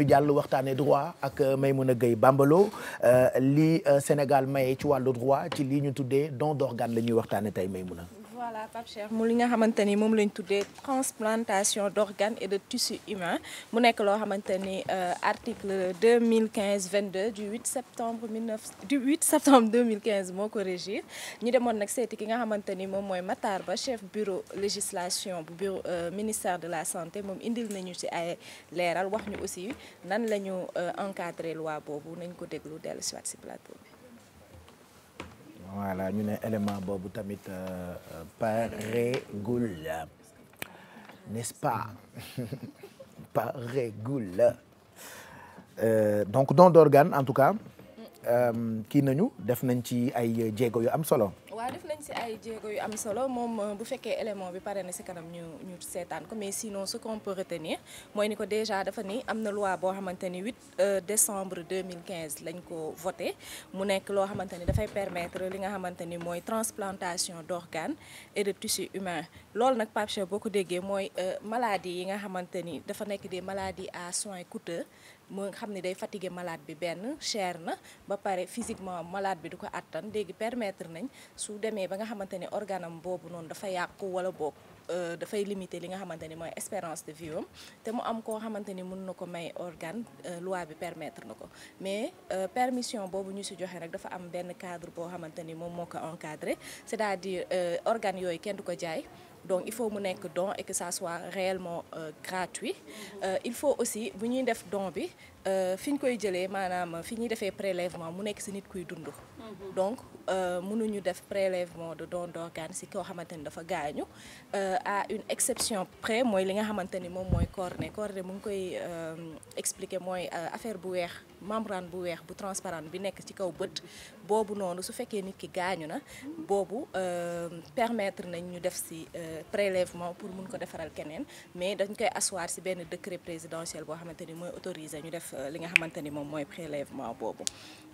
ñu jàll waxtaane droit ak may euh, Maimouna Gueye Bambalo euh, li euh, Sénégal maye ci wàllu droit ci li ñu tuddee don d'organe la ñuy waxtaane tey na voilà Pape Cheikh mu li nga xamante ni moom lañ tuddee transplantation d'organes et de tissus humains mu nekk loo xamante ni euh, article 2015 22 du 8 septembre 19 du 8 septembre 2015 moo ko régir ñu demoon nag seeti ki nga xamante ni moom mooy Matar Ba chef bureau législation bu bureau euh, ministère de la santé moom indil nañu ci ay leeral wax ñu aussi nan la ñu euh, encadrer loi boobu nañ ko déglu dellu si waat plateau bi. voilà ñu ne élément boobu tamit euh, paregul n'est-ce pas paregul euh, donc don d'organe en tout cas euh, kii nañu def nañ ci ay jéego yu am solo. si ay jéego yu am solo moom euh, bu fekkee élément bi pare na si kanam ñu ñu seetaan ko mais sinon ce qu'on peut mooy ni ko déjà dafa ni am na loi boo xamante ni 8 euh, décembre 2015 lañ ko voté mu nekk loo xamante ni dafay permettre li nga xamante ni mooy transplantation d'organes et de tissus humains loolu nag Pape boo ko déggee mooy euh, maladie yi nga xamante ni dafa nekk des maladies à soins coûteux mu nga xam ni day fatiguer malade bi benn cher na ba pare physiquement malade bi du ko attan léegi permettre nañ su ba nga xamante ne organam boobu noonu dafa yàqu wala boog euh, dafay limiter li nga xamante ni mooy espérance de vie am te mu am koo xamante ni mën na ko may organe euh, loi bi permettre na ko mais euh, permission boobu ñu si joxe nag dafa am benn cadre boo xamante ni moom moo ko encadré c'est-à-dire organes yooyu kenn du ko jaay donc il faut mu nekk don et que ça soit réellement euh, gratuit euh, il faut aussi bu ñuy def donc bi euh, fi ñu koy jëlee maanaam fi ñuy defee prélèvement mu nekk si nit kuy dund mhm. donc mënuñu def prélèvement de don d'organe si koo xamante ni dafa gaañu à une exception près mooy li nga xamante ni moom mooy cornée cornée mu ngi koy expliquer mooy affaire bu weex membrane bu weex bu transparent bi nekk ci kaw bët boobu noonu su fekkee nit ki gaañu na boobu permettre nañ ñu def si prélèvement pour mun ko defaral keneen mais dañ koy asseoir ci benn décret présidentiel boo xamante ni mooy autoriser ñu def euh, li nga xamante ni moom mooy prélèvement boobu.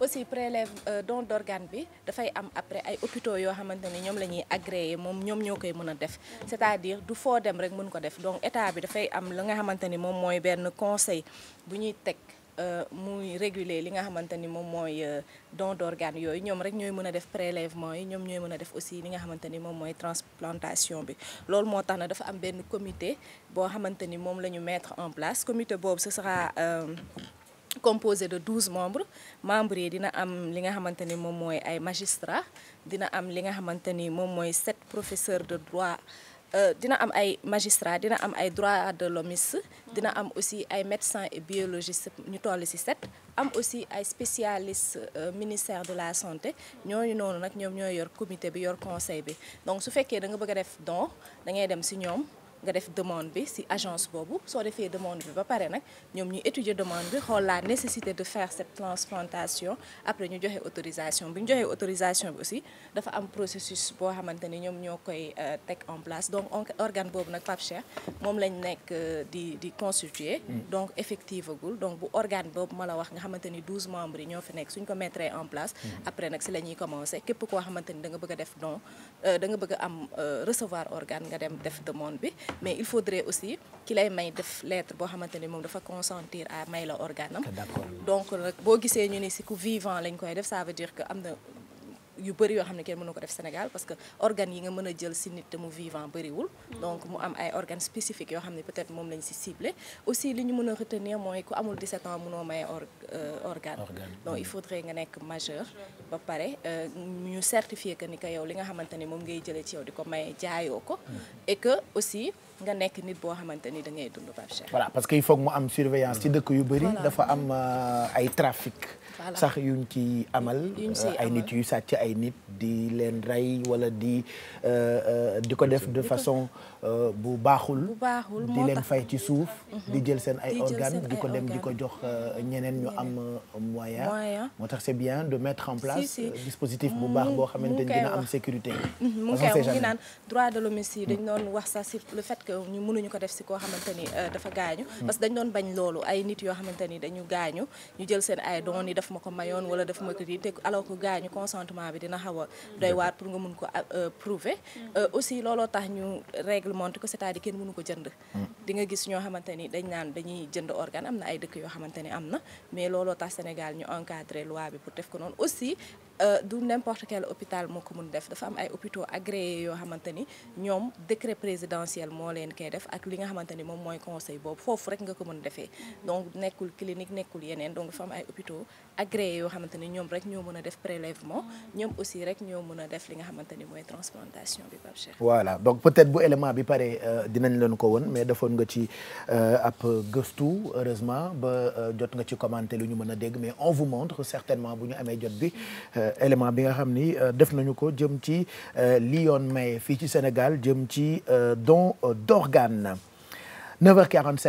aussi prélève euh, don d'organe bi dafay am après ay hôpitaux yoo xamante ni ñoom la ñuy agréé moom ñoom ñoo koy mën a def c'est-à-dire du foo dem rek mun ko def donc état bi dafay am li nga xamante ni moom mooy benn conseil bu ñuy teg. Euh, muy réguler li nga xamante ni moom mooy euh, don d'organe yooyu ñoom rek ñooy mën a def prélèvement yi ñoom ñooy mën a def aussi li nga xamante ni moom mooy transplantation bi loolu moo tax na dafa am benn comité boo xamante ni moom la ñu mettre en place comité boobu ce sera euh, composé de douze membre membres yi dina am li nga xamante ni moom mooy ay magistrats dina am li nga xamante ni moom mooy sept professeurs de droit Euh, dina am ay magistrat dina am ay droits de l'hommiste dina am aussi ay médecins et biologistes ñu toll ci set am aussi ay spécialistes euh, ministère de la santé ñooñu noonu nag ñoom ñooy yor comité bi yor conseil bi donc su fekkee da nga bëgg a def don da ngay dem ci ñoom nga def demande bi ci agence boobu soo defee demande bi ba pare nag ñoom ñu étudier demande bi xool la nécessité de faire cette transplantation après ñu joxe autorisation bi ñu joxee autorisation bi aussi dafa am processus boo xamante ni ñoom ñoo koy euh, teg en place donc organe boobu nag Pape Cheikh moom lañ nekk euh, di di constituer mm. donc effective agul donc bu organe boobu ma wax nga xamante ni douze membre yi ñoo fi nekk suñ ko mettre en place mm. après nag ci la ñuy commencer képp koo xamante ni da bëgg a def don euh, da nga bëgg a am recevoir organe nga dem def demande bi mais il faudrait aussi ki lay may def lettre boo xamante ni moom dafa consentir à may la organe am donc nag boo gisee ñu ne si ku vivant lañ koy def saa veut dire que am na yu bëri yoo xam ne kenn mënu ko def Sénégal parce que organes yi nga mën a jël si nit te mu vivant bëriwul. Hmm. donc mu am ay organes spécifiques yoo xam ne peut-être moom lañ si ciblé. aussi li ñu mën a retenir mooy ku amul 17 ans mënoo maye or euh, organe. donc il faudrait nga nekk majeur. ba pare euh, ñu certifier que ni que yow li nga xamante ni moom ngay jëlee ci yow di ko maye jaayoo ko. Hmm. et que aussi nga nekk nit boo xamante ni da ngay dund ba cher. voilà parce que il faut mu am surveillance ci hmm. dëkk yu bëri. dafa am euh, ay trafic. sax yuñ ci amal. ay nit yu a ay nit di leen rey wala di euh, euh, di ko def de façon euh, bu baaxul di leen fay ci suuf mm-hmm. di jël seen ay organes di ko dem di ko jox ñeneen ñu am moyen moo tax c'est bien de mettre en place dispositif bu baax boo xamante ni dina am sécurité mm-hmm. mu ngi koy mu ngi naan droit mm. doon wax sax si le fait que ñu mënuñu ko def si koo xamante ni dafa gaañu mm. parce que dañ doon bañ loolu ay nit yoo xamante ni dañu gaañu ñu jël seen ay doon yi daf ma ko mayoon wala daf ma ko di te alors que gaañu consentement bi dina xaw a mm. doy waar pour nga mun ko euh, prouver mm. euh, aussi looloo tax ñu réglementé ko c'est-à-dire kenn mënu ko jënd mm. di nga gis ñoo xamante ni dañ naan dañuy jënd organe am na ay dëkk yoo xamante ni am na mais looloo tax Sénégal ñu encadré loi bi pour def ko noonu aussi euh, du n'importe quel hôpital moo ko mun def dafa am moo leen koy def ak li nga xamante ni moom mooy conseil boobu foofu rek nga ko mën defee donc nekkul clinique nekkul yeneen donc dafa am ay hôpitaux agréés yoo xamante ni ñoom rek ñoo mën a def prélèvement ñoom aussi rek ñoo mën a def li nga xamante ni mooy transplantation bi Pape Cheikh voilà donc peut-être bu élément bi pare euh, dinañ leen ko woon mais dafa defoon nga ci euh, ab gëstu heureusement ba euh, jot nga ci commenté lu ñu mën a dégg mais on vous montre certainement bu ñu amee jot bi euh, élément bi nga xam ni def nañu ko jëm ci li yoon may fii ci Sénégal jëm ci don d'organe 9h47